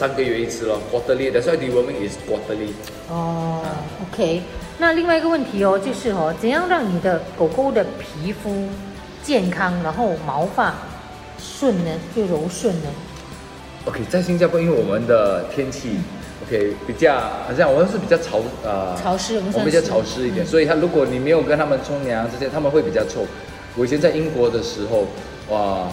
三個月一次咯，quarterly。Quarter That's why deworming is quarterly。哦、oh,，OK。那另外一個問題哦，就是哦，怎樣讓你的狗狗的皮膚健康，然後毛髮順呢，又柔順呢？OK，在新加坡，因為我們的天氣 o、okay, k 比較好像我們是比較潮，呃，潮濕我們比較潮濕一點。嗯、所以它如果你沒有跟他們沖涼，這些，它們會比較臭。我以前在英國的時候，哇、呃！